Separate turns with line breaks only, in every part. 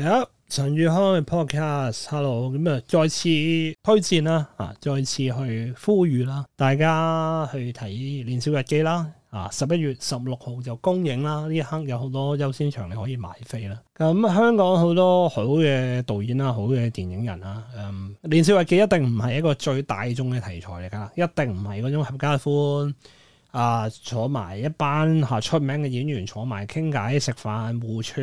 好，陳宇康嘅 podcast，hello，咁啊，再次推薦啦，啊，再次去呼籲啦，大家去睇《年少日記》啦，啊，十一月十六號就公映啦，呢一刻有好多優先場你可以買飛啦，咁香港好多好嘅導演啦，好嘅電影人啦，嗯，《年少日記》一定唔係一個最大眾嘅題材嚟㗎啦，一定唔係嗰種合家歡。啊！坐埋一班、啊、出名嘅演員坐埋傾偈食飯互串，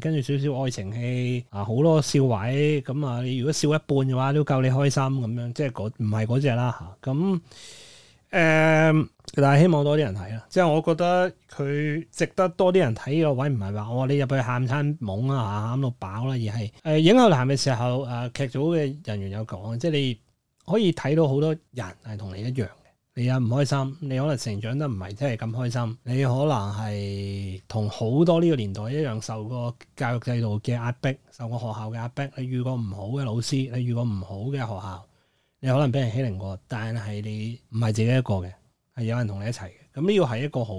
跟住少少愛情戲啊，好多笑位咁啊！你如果笑一半嘅話，都夠你開心咁樣。即係唔係嗰隻啦咁誒，但係希望多啲人睇啦。即係我覺得佢值得多啲人睇呢個位，唔係話我你入去喊餐懵啊，嚇，喊到飽啦、啊，而係、呃、映後談嘅時候、啊、劇組嘅人員有講，即係你可以睇到好多人係同你一樣。你又唔開心，你可能成長得唔係真係咁開心，你可能係同好多呢個年代一樣受過教育制度嘅壓迫，受過學校嘅壓迫。你遇過唔好嘅老師，你遇過唔好嘅學校，你可能俾人欺凌過，但係你唔係自己一個嘅。係有人同你一齊嘅，咁呢個係一個好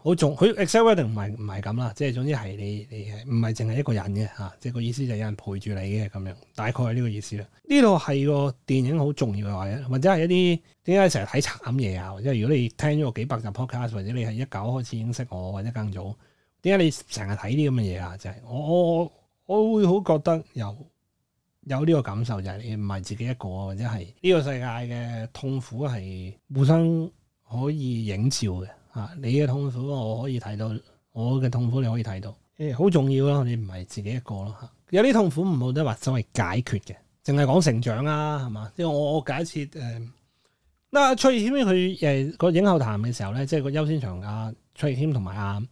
好重，佢 exciting 唔係唔係咁啦，即係總之係你你唔係淨係一個人嘅嚇，即係個意思就係有人陪住你嘅咁樣，大概係呢個意思啦。呢度係個電影好重要嘅話，或者係一啲點解成日睇慘嘢啊，或者如果你聽咗個幾百集 podcast，或者你係一九開始已經識我，或者更早，點解你成日睇啲咁嘅嘢啊？就係我我我會好覺得有有呢個感受，就係你唔係自己一個，或者係呢個世界嘅痛苦係互相。可以影照嘅嚇，你嘅痛苦我可以睇到，我嘅痛苦你可以睇到，誒、欸、好重要咯，你唔係自己一個咯嚇。有啲痛苦唔好得話，所謂解決嘅，淨係講成長是、就是我我呃、啊，係嘛？即為我我假設誒，嗱，卓亦謙佢誒個影後談嘅時候咧，即係個優先場啊，卓亦謙同埋阿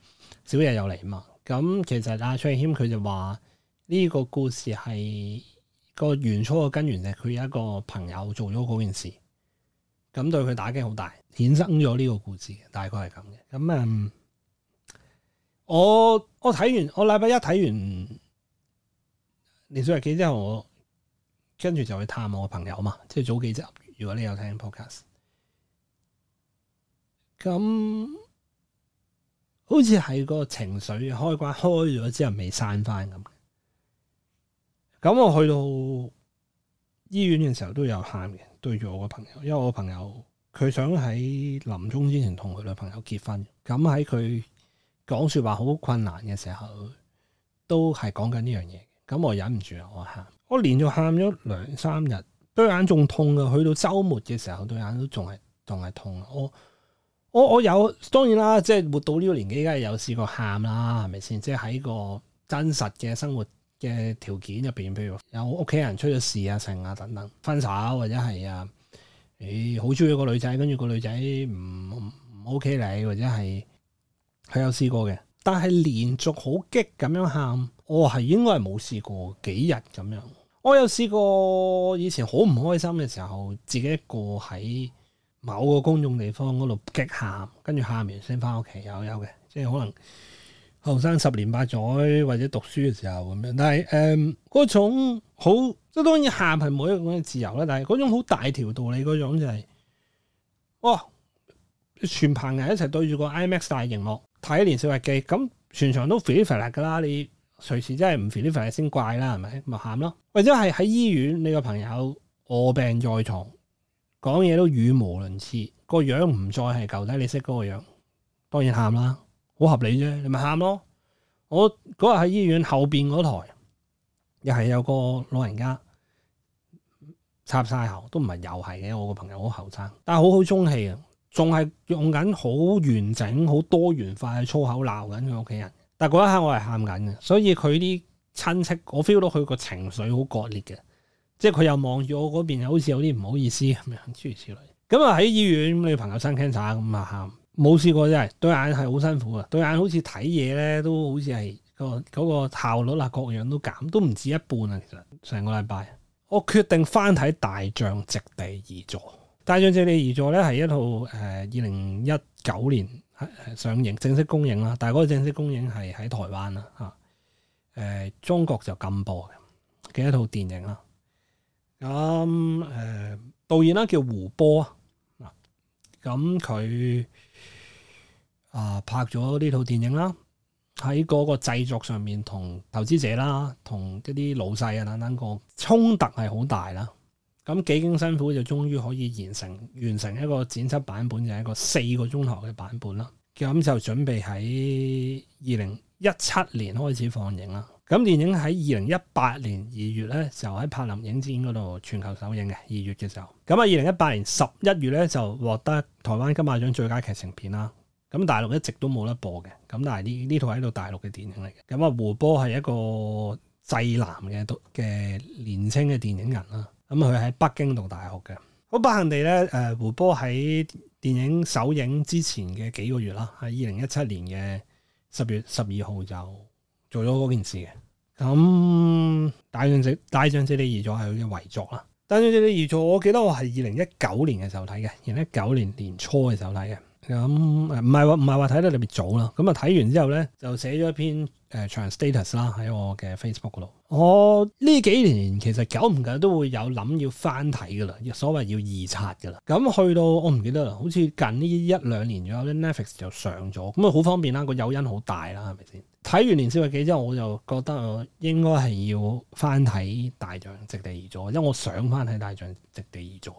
小野又嚟啊嘛。咁其實阿卓亦謙佢就話呢個故事係個原初嘅根源就係佢有一個朋友做咗嗰件事，咁對佢打擊好大。衍生咗呢個故事大概係咁嘅。咁、嗯、我我睇完我禮拜一睇完少年日記之後我，我跟住就去探我個朋友嘛，即係早幾集。如果你有聽 podcast，咁好似係個情緒開關開咗之後未散翻咁，咁我去到醫院嘅時候都有喊嘅，對住我個朋友，因為我個朋友。佢想喺臨終之前同佢女朋友結婚，咁喺佢講說話好困難嘅時候，都係講緊呢樣嘢。咁我忍唔住，我喊，我連續喊咗兩三日，對眼仲痛啊。去到周末嘅時候，對眼都仲係仲係痛。我我我有，當然啦，即係活到呢個年紀，梗係有試過喊啦，係咪先？即係喺個真實嘅生活嘅條件入邊，譬如有屋企人出咗事啊、成啊等等，分手或者係啊。咦，好中意個女仔，跟住個女仔唔唔 OK 你，或者係佢有試過嘅，但係連續好激咁樣喊，我、哦、係應該係冇試過幾日咁樣。我有試過以前好唔開心嘅時候，自己一個喺某個公眾地方嗰度激喊，跟住喊完先翻屋企，有有嘅，即係可能後生十年八載或者讀書嘅時候咁樣。但係誒嗰種。好即係當然喊係冇一個咁嘅自由啦，但係嗰種好大條道理嗰種就係、是，哇、哦，全棚人一齊對住個 IMAX 大熒幕睇年少日記，咁全場都 feel 翻嚟㗎啦，你隨時真係唔 feel 翻嚟先怪啦，係咪咪喊咯？或者係喺醫院，你個朋友臥病在床，講嘢都語無倫次，個樣唔再係舊底你識嗰個樣，當然喊啦，好合理啫，你咪喊咯。我嗰日喺醫院後邊嗰台。又係有個老人家插晒喉，都唔係又係嘅。我個朋友好後生，但好好中氣啊，仲係用緊好完整、好多元化嘅粗口鬧緊佢屋企人。但嗰一刻我係喊緊嘅，所以佢啲親戚，我 feel 到佢個情緒好割裂嘅，即係佢又望住我嗰邊，又好似有啲唔好意思咁樣諸如此類。咁啊喺醫院，你朋友生 cancer 咁啊喊，冇試過真係對眼係好辛苦啊，對眼好似睇嘢咧都好似係。嗰、那個效率啊，各樣都減，都唔止一半啊！其實成個禮拜，我決定翻睇《大象席地而坐》。《大象席地而坐》咧係一套誒二零一九年上映，正式公映啦，但係嗰個正式公映係喺台灣啦、啊、中國就禁播嘅，嘅一套電影啦。咁、啊、誒、呃、導演啦，叫胡波啊，咁佢啊拍咗呢套電影啦。喺嗰個製作上面，同投資者啦，同一啲老細啊等等個衝突係好大啦。咁幾經辛苦，就終於可以完成完成一個剪輯版本，就係一個四個鐘頭嘅版本啦。咁就準備喺二零一七年開始放映啦。咁電影喺二零一八年二月咧，就喺柏林影展嗰度全球首映嘅二月嘅時候。咁啊，二零一八年十一月咧，就獲得台灣金馬獎最佳劇情片啦。咁大陸一直都冇得播嘅，咁但係呢呢套係一套大陸嘅電影嚟嘅。咁啊，胡波係一個濟南嘅嘅年青嘅電影人啦。咁佢喺北京讀大學嘅。好不幸地咧，胡波喺電影首映之前嘅幾個月啦，係二零一七年嘅十月十二號就做咗嗰件事嘅。咁《大象》《大象席地而坐》係佢嘅遺作啦，《大象席地而坐》，我記得我係二零一九年嘅時候睇嘅，二零一九年年初嘅時候睇嘅。咁唔係話唔係話睇得特別早啦，咁啊睇完之後咧就寫咗一篇誒長嘅 status 啦喺我嘅 Facebook 嗰度。我呢幾年其實久唔久都會有諗要翻睇噶啦，所謂要二刷噶啦。咁、嗯、去到我唔記得啦，好似近呢一兩年咗，Netflix 就上咗，咁啊好方便啦，個誘因好大啦，係咪先？睇完《年少日記》之後，我就覺得我應該係要翻睇《大象席地而坐》，因為我想翻睇《大象席地而坐》。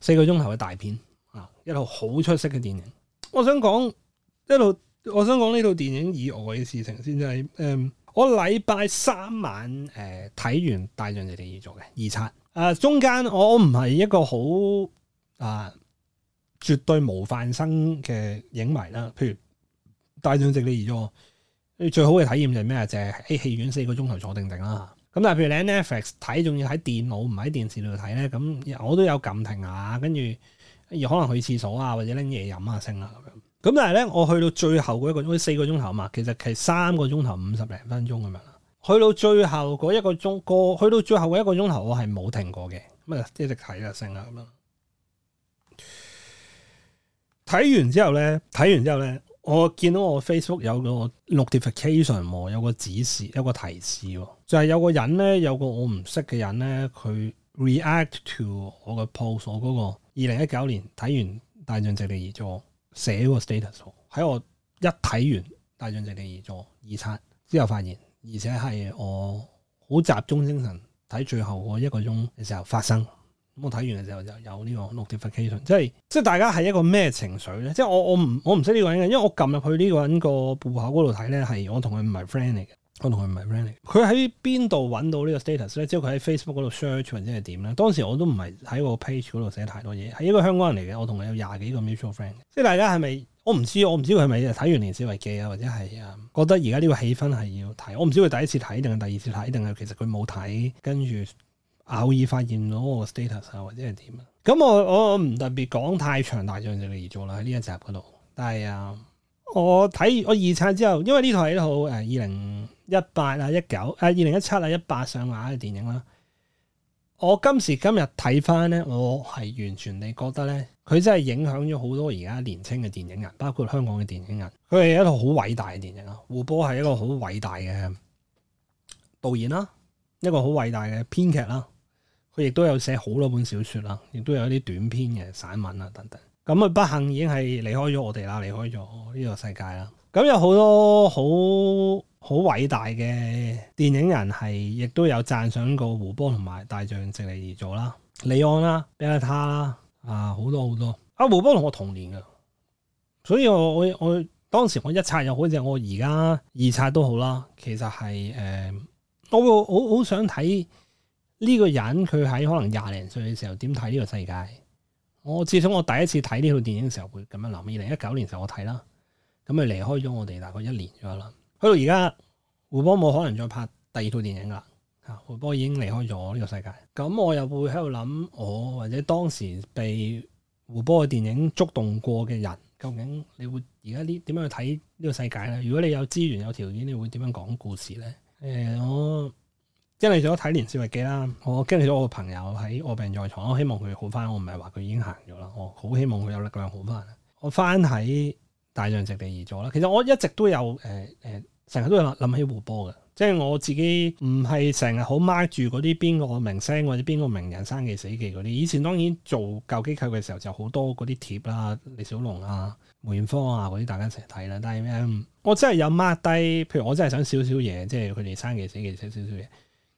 四個鐘頭嘅大片。啊、一套好出色嘅電影，我想講，一套我想講呢套電影以外嘅事情先，就係誒，我禮拜三晚誒睇、呃、完《大象席地而坐》嘅二刷，誒、啊、中間我唔係一個好啊絕對模範生嘅影迷啦，譬如《大象席地而坐》，你最好嘅體驗就係咩？就係喺戲院四個鐘頭坐定定啦，咁但係譬如你 Netflix 睇，仲要喺電腦唔喺電視度睇咧，咁我都有撳停下，跟住。而可能去廁所啊，或者拎嘢飲下先啊咁樣。咁但係咧，我去到最後嗰一個鐘，四個鐘頭嘛，其實係三個鐘頭五十零分鐘咁樣啦。去到最後嗰一個鐘，過去到最後一個鐘頭，去到最後一個我係冇停過嘅，咁啊一直睇下先啊咁樣。睇完之後咧，睇完之後咧，我見到我 Facebook 有個 notification，有個指示，有個提示，就係有個人咧，有個我唔識嘅人咧，佢 React to 我,嘅我嗰個 post，我嗰個二零一九年睇完大象席地而坐寫個 status，喺我一睇完大象席地而坐二刷之後發現，而且係我好集中精神睇最後嗰一個鐘嘅時,時候發生。咁我睇完嘅時候就有呢個 notification，即係即係大家係一個咩情緒咧？即係我我唔我唔識呢個人嘅，因為我撳入去呢個人個戶口嗰度睇咧，係我同佢唔係 friend 嚟嘅。我同佢唔係 r e n 佢喺邊度揾到呢個 status 咧？即係佢喺 Facebook 嗰度 search 或者係點咧？當時我都唔係喺個 page 嗰度寫太多嘢，係一個香港人嚟嘅。我同佢有廿幾個 mutual friend，即係大家係咪？我唔知，我唔知佢係咪睇完《連史為記》啊，或者係啊覺得而家呢個氣氛係要睇。我唔知佢第一次睇定係第二次睇，定係其實佢冇睇，跟住偶然發現到個 status 啊，或者係點啊？咁我我唔特別講太長大長嘅嘢做啦，喺呢一集嗰度。但係啊，我睇我二刷之後，因為呢台戲都好二零一八啊一九，誒二零一七啊一八上畫嘅電影啦，我今時今日睇翻咧，我係完全地覺得咧，佢真係影響咗好多而家年輕嘅電影人，包括香港嘅電影人。佢係一,一個好偉大嘅電影啦，胡波係一個好偉大嘅導演啦，一個好偉大嘅編劇啦，佢亦都有寫好多本小說啦，亦都有一啲短篇嘅散文啊等等。咁啊不幸已經係離開咗我哋啦，離開咗呢個世界啦。咁、嗯、有好多好好偉大嘅電影人係，亦都有讚賞過胡波同埋大象席地而坐啦，李安啦，貝拉塔啦啊，好多好多。啊胡波同我同年嘅，所以我我我當時我一刷又好，似我而家二刷都好啦。其實係誒、呃，我會好好想睇呢個人佢喺可能廿零歲嘅時候點睇呢個世界。我至少我第一次睇呢套電影嘅時候會咁樣諗，二零一九年時候我睇啦。咁咪離開咗我哋大概一年咗啦。去到而家，胡波冇可能再拍第二套電影啦。胡波已經離開咗呢個世界。咁我又會喺度諗，我或者當時被胡波嘅電影觸動過嘅人，究竟你會而家呢點樣去睇呢個世界咧？如果你有資源、有條件，你會點樣講故事咧？誒、呃，我經歷咗睇《年少日記》啦。我經歷咗我嘅朋友喺臥病在床，我希望佢好翻。我唔係話佢已經行咗啦，我好希望佢有力量好翻。我翻喺。大象席地而坐啦。其實我一直都有誒、成日都有諗起胡波嘅，即係我自己唔係成日好 mark 住嗰啲邊個明星或者邊個名人生忌死忌嗰啲。以前當然做舊機構嘅時候就好多嗰啲貼啦，李小龍啊、梅艷芳啊嗰啲大家成日睇啦。但係我真係有 mark 低，譬如我真係想少少嘢，即係佢哋生忌死忌少少嘢。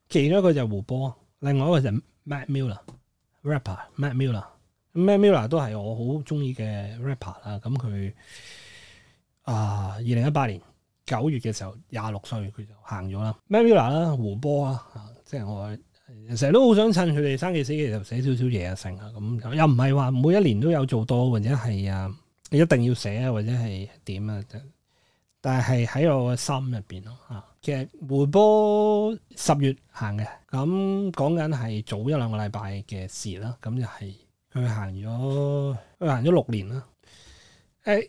其中一個就胡波，另外一個就 Mac Miller，rapper Mac Miller，Mac Miller 都係我好中意嘅 rapper 啦。咁佢。啊！二零一八年九月嘅時候，廿六歲佢就行咗啦。Marilyn 啦，胡波啊，即係我成日都好想趁佢哋生忌死忌就寫少少嘢啊，成啊咁，又唔係話每一年都有做多，或者係啊，你一定要寫啊，或者係點啊？但係喺我嘅心入邊咯吓。其實胡波十月行嘅，咁講緊係早一兩個禮拜嘅事啦。咁就係佢行咗，佢行咗六年啦。誒、哎。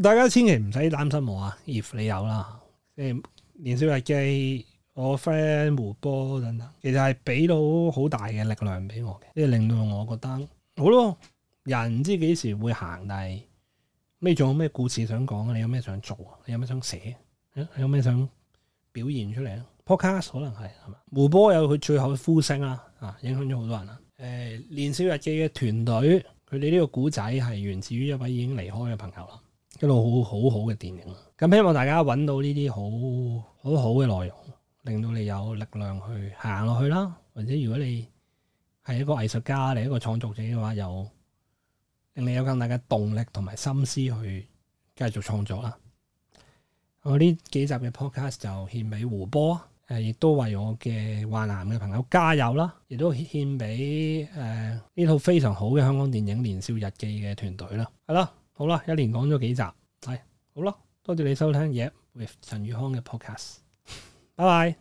大家千祈唔使擔心我啊！if 你有啦，誒，年少日記，我 friend 胡波等等，其實係俾到好大嘅力量俾我嘅，即係令到我覺得，好咯，人唔知幾時會行，但係，咩仲有咩故事想講啊？你有咩想做啊？你有咩想寫？你有咩想表現出嚟咧？Podcast 可能係係嘛？胡波有佢最後嘅呼聲啊，啊，影響咗好多人啊！誒、欸，年少日記嘅團隊，佢哋呢個古仔係源自於一位已經離開嘅朋友啦。一套好好好嘅電影，咁希望大家揾到呢啲好好好嘅內容，令到你有力量去行落去啦。或者如果你係一個藝術家，嚟一個創作者嘅話，又令你有更大嘅動力同埋心思去繼續創作啦。我呢幾集嘅 podcast 就獻俾胡波，亦都為我嘅華南嘅朋友加油啦，亦都獻俾呢套非常好嘅香港電影《年少日記》嘅團隊啦，係咯。好啦，一連講咗幾集，係好啦，多謝你收聽嘢、yeah、with 陳宇康嘅 podcast，拜拜。